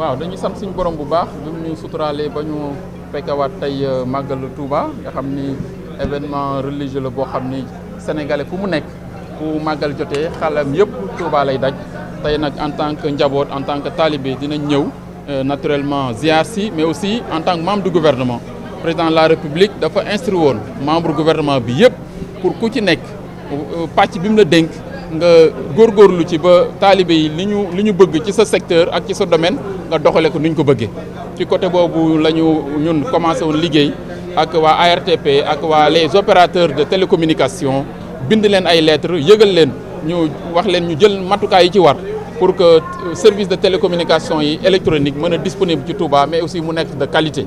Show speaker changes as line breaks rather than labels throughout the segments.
waaw dañuy sant suñu borom bu baax bi mu ñu suturaalee ba ñu fekkawaat tey euh, màggal Touba nga xam ni événement religieux la boo xam ni sénégalais fu mu nekk ku màggal jotee xalam yëpp Touba lay daj tey nag en tant que njaboot en tant que talibé dinañ ñëw euh, naturellement ziar si mais aussi en tant que membre du gouvernement président la république dafa instruit woon membre gouvernement bi yëpp pour ku ci nekk euh, pàcc bi mu la dénk. nga góor góorlu ci ba taalibe yi li ñu li ñu bëgg ci sa secteur ak ci sa domaine nga doxale ko ni ko bëggee ci côté boobu la ñu ñun commencé woon liggéey ak waa ARTP ak waa les opérateurs de télécommunication bind leen ay lettres yëgal leen ñu wax leen ñu jël matukaay yi ci war pour que euh, service de télécommunication yi électronique mën a disponible ci Touba mais aussi mu nekk de qualité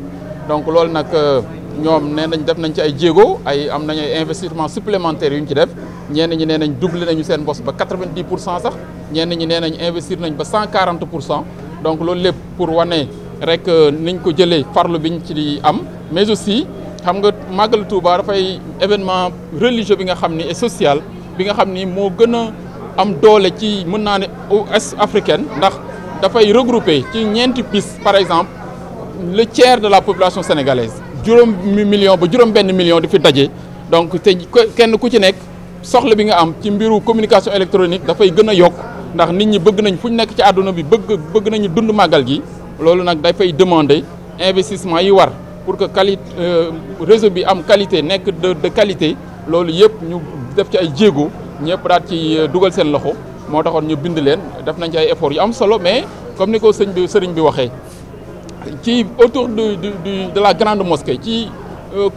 donc loolu nag euh, ñoom nee nañ def nañ ci ay jéego ay am nañu ay investissement supplémentaires yu ñu ci def ñenn ñi nee nañ doublé nañu seen bos ba 90 pour cent sax ñenn ñi nee nañ investir nañ ba 140 pour cent donc loolu lépp pour wane rek euh, niñ ko jëlee farlu biñ ci di am mais aussi xam nga màggal Touba dafay événement religieux bi nga xam ni et social bi nga xam ni moo gën a am doole ci mën naa ne ouest africaine ndax dafay regrouper ci ñeenti piste par exemple le tiers de la population sénégalaise juróom million ba juróom benn million di fi daje donc te kenn ku ci nekk soxla bi nga am ci mbiru communication électronique dafay gën a yokk ndax nit ñi bëgg nañ fu ñu nekk ci àdduna bi bëgg bëgg nañu dund màggal gi loolu nag dafay demander investissement yi war pour que quali euh, réseau bi am qualité nekk de de qualité loolu yëpp ñu def ci ay jéego ñëpp daal ci euh, dugal seen loxo moo taxoon ñu bind leen def nañ ci ay efforts yu am solo mais comme ni ko sëñ bi sëriñ bi waxee ci autour de du de la grande mosquée ci euh,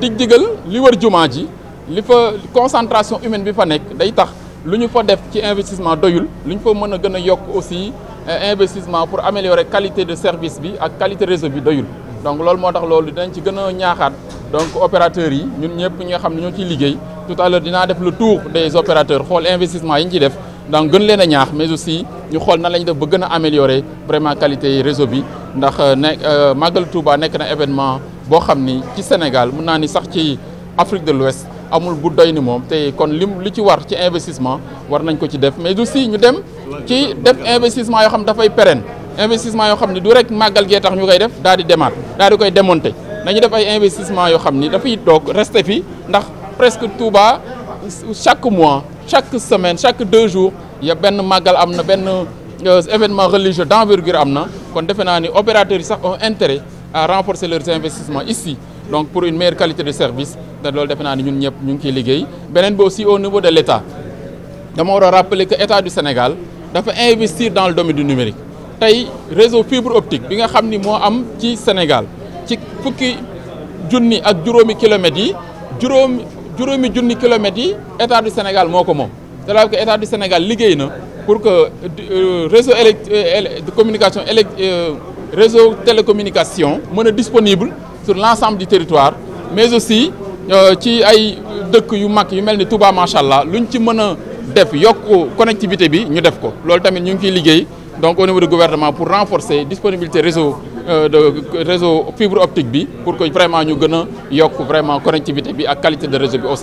dig digal li war jumaa ji li fa concentration humaine bi fa nekk day tax lu ñu fa def ci investissement doyul lu ñu fa mën a gën a yokk aussi eh, investissement pour améliorer qualité de service bi ak qualité réseau bi doyul donc loolu moo tax loolu dinañ ci gën a ñaaxaat donc opérateurs yi ñun ñëpp ñi nga xam ne ñoo ciy liggéey tout à l'heure dinaa def le tour des opérateurs xool investissement yi ñu ciy def donc gën leen ñaax mais aussi ñu xool na lañ def ba gën a améliorer vraiment qualité réseau bi ndax euh, nekk euh, Màggal Touba nekk na événement boo xam ni ci Sénégal mun naa ni sax ci Afrique de l'Ouest amul bu doy ni moom te kon lim li ci war ci investissement war nañ ko ci def mais aussi ñu dem ci def investissement yoo xam dafay pérenne investissement yoo xam ni du rek màggal gee tax ñu koy def daal di demaat daal di koy démonter nañu def ay investissement yoo xam ni dafay toog rester fi ndax presque Touba chaque mois chaque semaine chaque deux jours ya benn màggal am na benn euh, événement religieux d'envergure am na kon defe naa ni opérateurs yi sax ont intérêt à renforcer leurs investissement ici donc pour une meilleure qualité de service te loolu defe naa ni ñun ñëpp ñu ngi ciy liggéey beneen bi aussi au niveau de l' état dama war a rappeler que état du Sénégal dafa investir dans le domaine du numérique tey réseau fibre optique bi nga xam ni moo am ci Sénégal ci fukki junni ak juróomi kilomètres yi juróomi juróomi junni kilomètres yi état du Sénégal moo ko moom c'est-à-dire que état du Sénégal liggéey na pour que euh, réseau élect euh, de communication élect euh, réseau télécommunication mën a disponible sur l'ensemble du territoire mais aussi euh, ci ay dëkk yu mag yu mel ni Touba macha allah luñ ci mën a def yokk connectivité bi ñu def ko loolu tamit ñu ngi ciy liggéey donc au niveau du gouvernement pour renforcer disponibilité réseau euh, de réseau fibre optique bi pour que vraiment ñu gën yokk vraiment connectivité bi ak qualité de réseau bi au